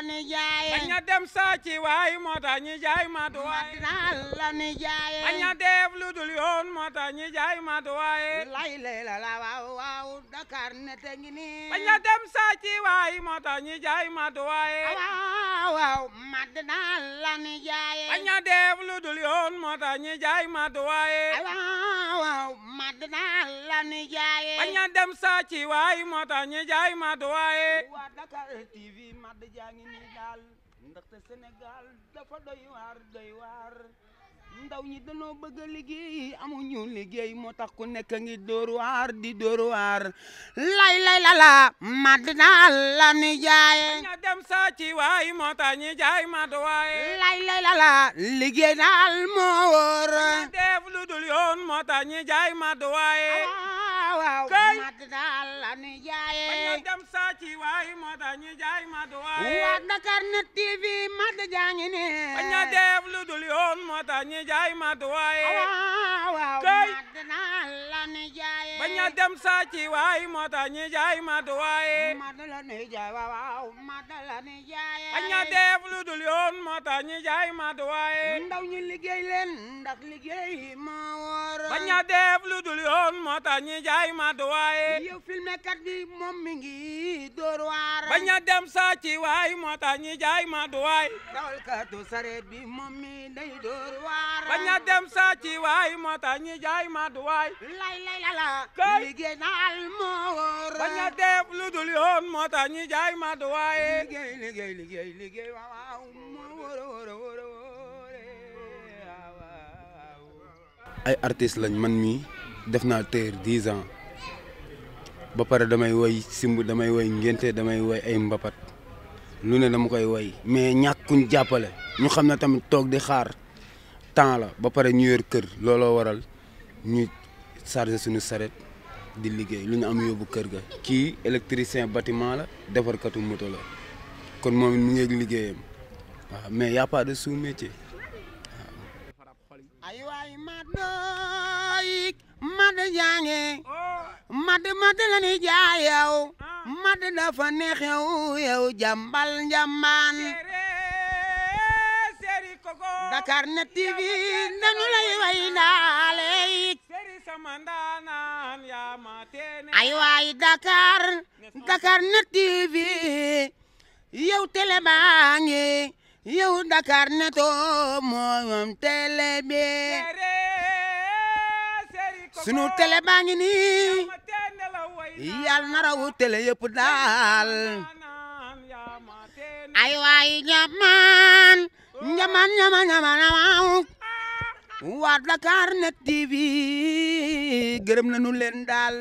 a jaaye baña dem sàcci waay yoon moo tax ñi jaay matu la la Dakar ne te ngi ni baña dem sàcci waay moo tax ñi jaay matu waaye la ni jaaye baña def lu dul yoon moo tax ñi jaay naan la nu jaaye bañ dem saa waaye waa Dakar TV mad jaa ngi ndaw ñi dañoo bëgg a liggéey amuñu liggéey moo tax ku nekk ngi dóor waar moo tax ñi jaay màdd waaye ah, waaw màdd daal la ñi jaaye ba ñu dem saa ci waaye moo tax ñi jaay màdd waaye waa Dakarnet TV màdd jaa ngi ne ba ñu def lu dul yoon moo tax ñi jaay màdd waaye ah, waaw bañ a dem saa ci waay moo tax ñi jaay matu waaye matu la ñuy jaay waaw waaw matu la ñuy jaay bañ a def lu dul yoon moo tax ñi jaay matu waaye ndaw ñi liggéey leen ndax liggéey moo war bañ a def lu dul yoon moo tax ñi jaay matu waaye yow filmekat bi moom mi ngi dóor waar bañ a dem saa ci waay moo tax ñi jaay matu waaye dawalkatu sareet bi moom mi day dóor waar bañ a dem saa ci waay moo tax ñi jaay matu waay lay lay la la liggéey naal moo wóor bañ def lu dul yoon moo tax ñi jaay madu liggéey liggéey liggéey liggéey waaw moo wóor wóor wóor ay artiste lañ man mi def naa téer dix ans ba pare damay woy simb damay woy ngénte damay woy ay mbapat lu ne dama koy woy mais ñàkkuñ jàppale ñu xam ne tamit toog di xaar temps la ba pare ñu yor kër looloo waral ñu chargé suñu saret di liggéey lu ñu am bu kër ga kii électricien bâtiment la defarkatu moto la kon moom mu ngi liggéeyam waaw mais y a pas de sous métier waaw ay waay mat dooy mat jànge mat mat la ni jaayow neex Dakar Net TV dañu lay way ndaale ay waay Dakar Dakar Net TV yow télé baa ngi yow Dakar moom télé bi sunu télé baa ngi nii yal na daal ay waay ñaman ñaman ñaman waa Dakar Net TV gërëm nañu leen daal